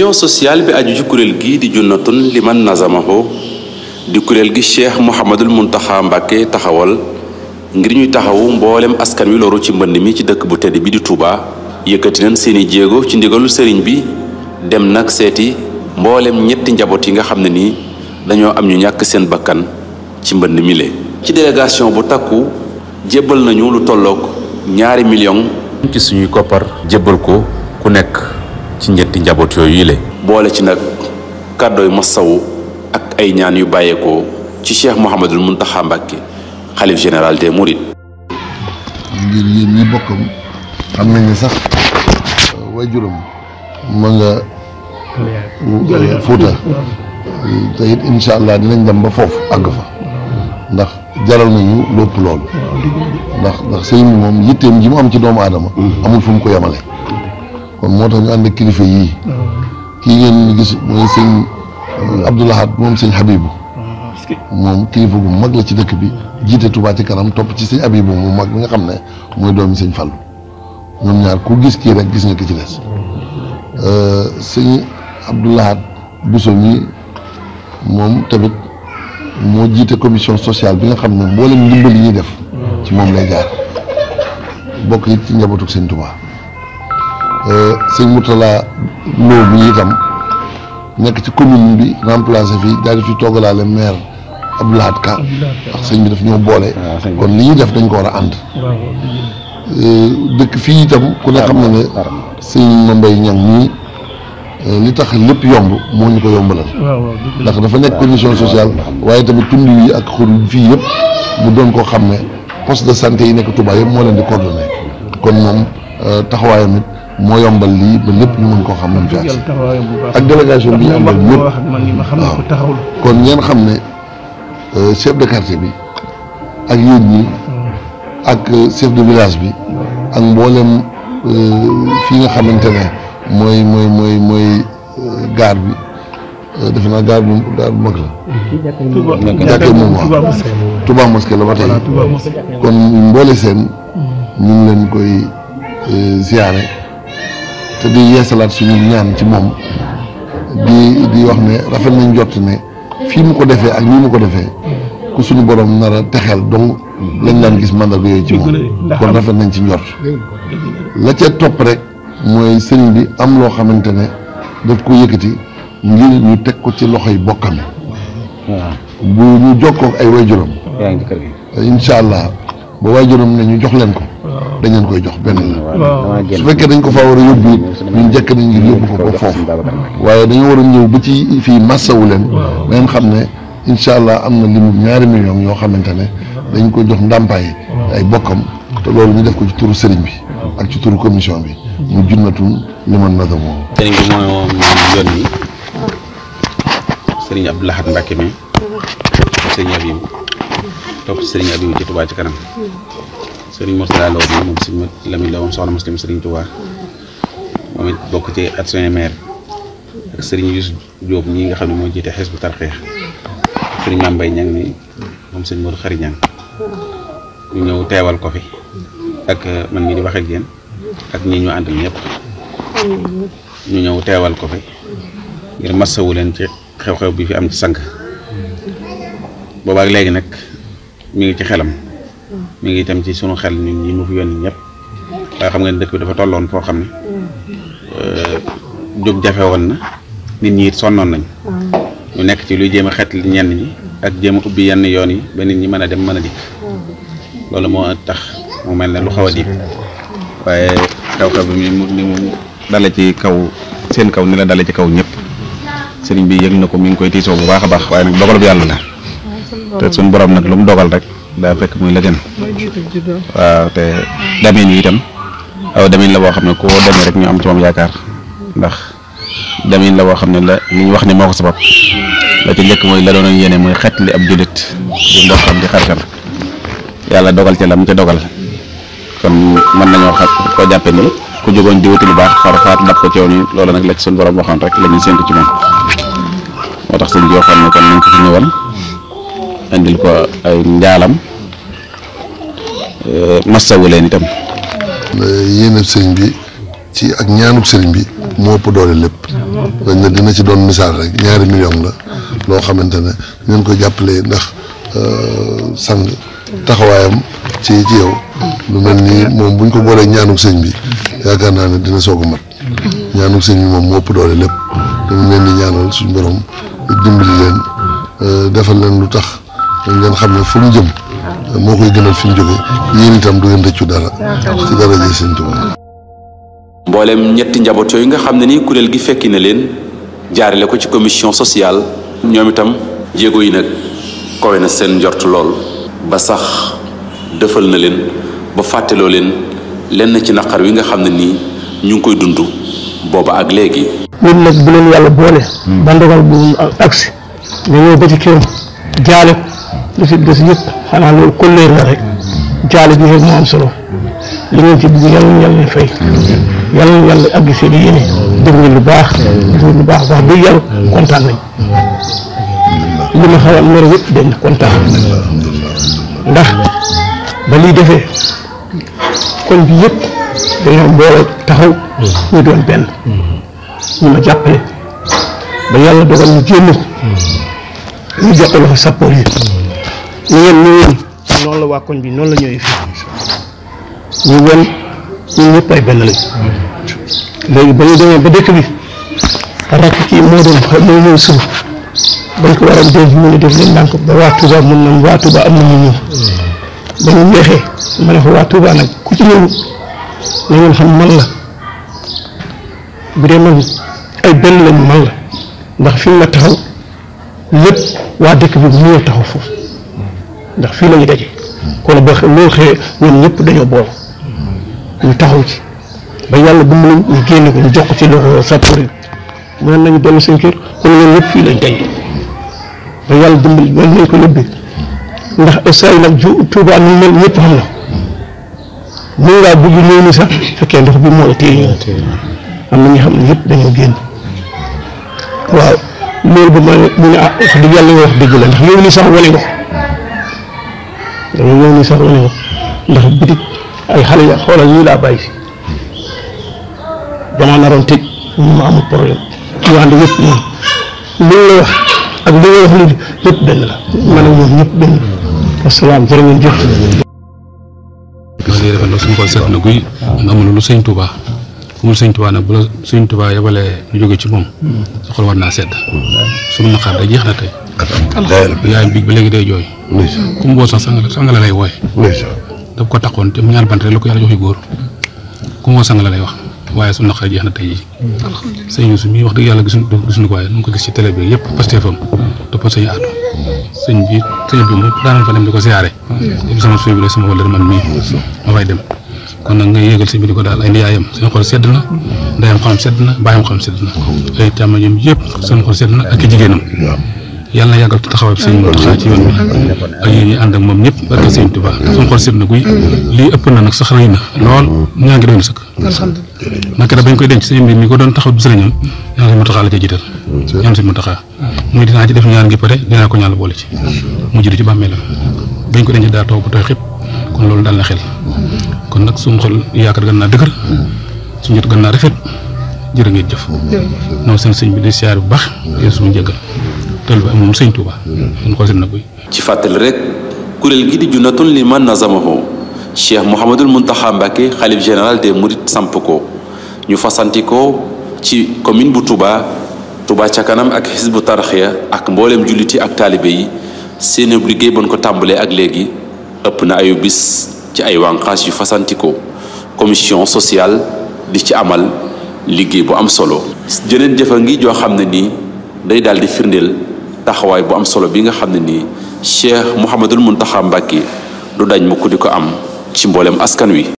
commission sociale bi aju ci kuréel gi di junnatun liman nazamaho di kuréel gi cheikh Mouhamadul Muntaxa Mbàkke taxawal ngir ñuy taxawu mboolem askan wi loru ci mbënd mi ci dëkk bu tedd bi di Touba yëkkati nañ seeni jéego ci ndigalul sëriñ bi dem nag seeti mbooleem ñetti njaboot yi nga xam ne nii dañoo am ñu ñàkk seen bakkan ci mbënd mi le ci délégation bu takku jébbal nañu lu tollook ñaari million ci suñuy koppar jébbal ko ku nekk ci ñetti njaboot yooyu yi le boole ci nag kàddooy masawu ak ay ñaan yu bàyyeekoo ci cheikh Mouhamadul Mountakha Mbacké xalif général des Mourides. ngir lii ñuy bokkam xam nañ ne sax euh, waajuram ma nga euh, Fuuta te it incha allah dinañ dem ba foofu àgg ndax jaral nañu lépp loolu ndax ndax sëriñ bi moom yitteem ji mu am ci doomu aadama amul fu mu ko yemale kon moo tax ñu ànd ak kilifa yii. kii ngeen gis mooy sëñ Abdoulahat moom sëñ Habibu. moom kilifa gu mag la ci dëkk bi jiite Touba ci kanam topp ci sëñ Habibu mu mag bi nga xam ne mooy doomi sëñ Fallu ñoom ñaar ku gis kii rek gis nga ki ci des. sëñ Abdoulahat Bousso mi moom tamit moo jiite commission sociale bi nga xam ne mboolem ndimbal yi ñuy def. ci moom lay jaar bokk it ci njabootu sëñ Touba. Euh, sëñ Mourtala Lo mi itam nekk ci commune bi remplacé fii daal di fi toggalaale maire Abdou Lahad Ka ndax sëñ bi def ñoo boole ah, kon li ñuy def dañ ko war a ànd euh, dëkk fii itam ku ne xam na ne sëñ Mambay Ñaŋ ñii euh, li tax lépp yomb moo ñu ko yombalal ndax dafa nekk condition sociale waaye tamit tund yi ak xur fii yëpp mu doon ko xam ne poste de santé yi nekk Touba yëpp moo leen di coordonné kon moom taxawaayam it moo yombal lii ba lépp ñu mën koo xam nañ fi ak délégation bi ñu àndal ñëpp waaw kon ngeen xam ne euh, chef de quartier bi ak yéen ñi ak euh, chef de village bi ak mboolem euh, fii nga xamante ne mooy mooy mooy mooy gaar bi defe naa gaar bu gaar bu mag la jàkkee moom waaw Touba mosquée la ba tey kon mboole seen ñu ngi leen koy ziyaare te di yeesalaat suñu ñaan ci moom di di wax ne rafet nañ jot ne fii mu ko defee ak nii mu ko defee ku suñu borom nar a texeel donc lañ daan gis mandarga yooyu ci moom kon rafet nañ ci njort la ca topp rek mooy sëñ bi am loo xamante ne daf ko yëkkati ngir ñu teg ko ci loxoy bokkam bu ñu jokkoo ak ay waajuram incha allah ba waajuram ne ñu jox leen ko dañ leen koy jox benn la su fekkee dañ ko faa war a yóbbu it ñun jëkk nañ ngir yóbbu ko ba foofu waaye dañu war a ñëw ba ci fii massawu leen ngeen xam ne incha allah am na limu ñaari million yoo xamante ne dañ ko jox ndàmpaay ay bokkam te loolu ñu def ko ci turu sëriñ bi ak ci turu commission bi mu junnatum li man nata bi mooy moom yónni sëriñ Abdou Lahad ci Touba ci sëriñ Moustapha Lo bi moom si Lamine la moom soxna muslim sëriñ Touba moom it bokk ci adjoint maire sëriñ Youssou Diop ñi nga xam ne moo jiite xes bu tarxeex ak sëriñ Mame Mbaye moom sëriñ Modou ñu ñëw teewal ko fi ak euh, man mii di wax ak ak ñi ñu àndal ñëpp ñu ñëw teewal ko fi ngir masawu leen ci xew-xew bi fi am ci sang boobaak léegi nag mu ngi ci xelam mi ngi tam ci sunu xel ñun ñi mu fi yónni ñëpp waaye xam ngeen dekk bi dafa tollon fo xamni euh jóg jafé won na nit ñi sonnon nañ ñu nekk ci luy jéem xet li ñen ñi ak jéem ubbi yenn yoon yi ba nit ñi mëna dem mëna dik lolu mo tax mu mel lu xawa dik waye waaye xew bi mu ni mu dalé ci kaw seen kaw ni la dalé ci kaw ñep serigne bi yegg nako mi ngi koy tiso bu baaxa baax waye nak dogal bi yalla la te sun borom nak lu mu dogal rek daa fekk muy la gën waaw te dameen yi itam aw dameen la boo xam ne koo demee rek ñu am ci moom yaakaar ndax dameen la woo xam ne la li ñu wax ni moo ko sabab la ci njëkk mooy la doon yéene mooy xetli ab jullit di mbokkam di xaritam yàlla dogal ci la mu ca dogal kon mën nañoo xam koo jàppe ni ku jógoon di wuti lu baax far faat dab ko coow ni loolu nag la ci suñu borom waxoon rek la ñuy séntu ci moom moo tax sëñ bi waxoon kon nañ ko fi ñëwal andil ko ay njaalam euh, masawu leen itam. yéene sëriñ bi ci ak ñaanuk sëriñ bi moo ëpp doole lépp dañ na dina ci doon misaal rek ñaari million la loo xamante ne ngeen ko jàppalee ndax euh, sang taxawaayam ci ci yow lu mel ni moom buñ ko boolee ñaanuk sëriñ bi yaakaar naa ne dina soog mat ñaanuk sëriñ bi moom moo ëpp doole lépp dañ leen di ñaanal suñu borom dimbali leen euh, defal leen lu tax ngeen xam ne fu mu jëm moo koy gënal fi mu jógee yéen itam du ngeen rëccu dara ci dara ji seen Tuubaa ñetti njaboot yooyu nga xam ne nii kuréel gi fekki na leen jaarale ko ci commission sociale ñoom itam jéego yi nag kowe na seen njort lool ba sax dëfal na leen ba fàttaloo leen lenn ci naqar wi nga xam ne nii ñu ngi koy dund booba ak léegi ñun nag bu leen yàlla boole hmm. ba ndogal bu agsi dañoo ba ci kër jaale li fi des yëpp xanaa loolu kolleer la rek jaale ji rek moo am solo li ngeen ci bëgg yàlla na yàlla fay yàlla na yàlla àgg seen yéene def ngeen lu baax lu baax wax dëgg yàlla kontaan nañ li ma xaw a mer yëpp dañ kontaan ndax ba lii defee kon bi dañoo mbooloo taxaw ñu doon benn ñu ma jàppale ba yàlla dogal ñu génn ñu jox ko loxo sappoor yi ñu yem ñu la waa koñ bi noonu la ñëwee fii ñu wan ñun ñëpp ay benn lañ léegi ba ñu demee ba dëkk bi rakk kii moo doon a dégg mu ne def leen ndànk xam man la bu dee man ay benn lañ man la ndax fi mu la taxaw lépp waa dëkk bi mu ñëw taxaw foofu. ndax fii lañu ñu daje kon ba loolu xëyee ñoom ñëpp dañoo bool ñu taxaw ci ba yàlla bu mu ñu génne ko ñu jox ko ci loxo sapeur yi mën nañu dellu seen kër kon ñoom ñëpp fii lañ daje ba yàlla dimbali mën nañ ndax saa yi nag ju tuuba nu na mën ngaa bëgg ñëw ni sax fekkee ndox bi moo am na ñu xam ne ñëpp dañoo génn waaw loolu ba ma mu ne ah wax dëgg yàlla nga wax dëgg la ndax yow sax wane dañuy nga ndax bitig ay xale ya xoolal ñu laa bàyyi si dama naroon tëj ñu ak li nga wax na suñu xol seet na amul lu sëñ Touba ku mu sëñ Touba nag bu la sëñ Touba yabalee lu jóge ci moom su xol war naa sedd suñu naqaar da jeex na tey yaay bi ba léegi day jooy ku mu bool sax sangala sangala lay wooye daf ko taxoon te ñaar bant rek la ko yàlla jox yu góor ku mu lay wax waaye su naqare jeex na tey jii sëñ Youssou mii wax dëgg yàlla gisuñu gisuñu ko waaye nu ko gis ci télé bi yëpp pasteefam topp sëñ Atou sëñ bi sëñ bi mu daanaka fa dem di ko siyaare yëpp sama suy bi la sama wala man mii ma fay dem kon nag ngay yéegal sëñ bi di ko daal ay ndiyaayam seen xol sedd na ndeyam xam sedd na bàyyam xam sedd na ay càmmoñam yëpp seen xol sedd na ak i jigéenam yalla yagal taxawab seigne mountakha ci yoon ay ñi and ak mom ñepp ak seigne touba sun xol seen guy li ëpp na nak sax reyna lool ñaa ngi doon sax nak da bañ koy denc seigne mi ko doon taxaw bu serignam yalla mountakha la ci jital ñam seigne mountakha muy dina ci def ñaan gi paré dina ko ñaan boole ci mu jidu ci bammel bañ ko denc da taw bu toy xep kon lool dal na xel kon nak sun xol yaakar gën na deugar sun jitt gën na rafet jërë ngeen jëf no seen seigne bi di siar bu baax yesu jëgal tëll ba na mm-hmm. koy. ci fàttali rek kuréel gi di Junatun Liman Nazamahu Cheikh Mouhamadul Mountakha Mbacké xalif général des Mourides samp ko ñu fasantikoo ci commune bu Touba tubaa ca kanam ak Hizbu Tarxiya ak mbooleem julliti ak taalibe yi seen liggéey bon ko tàmbalee ak léegi ëpp na ayu bis ci ay wànqaas yu fasanti commission sociale di ci amal liggéey bu am solo. jëneen jëfa ngi joo xam ne nii day daal di firndeel. taxawaay bu am solo bi nga xam ne nii Cheikh Mouhamadul Mountakha Mbacké du dañ mukk di ko am ci mboolem askan wi.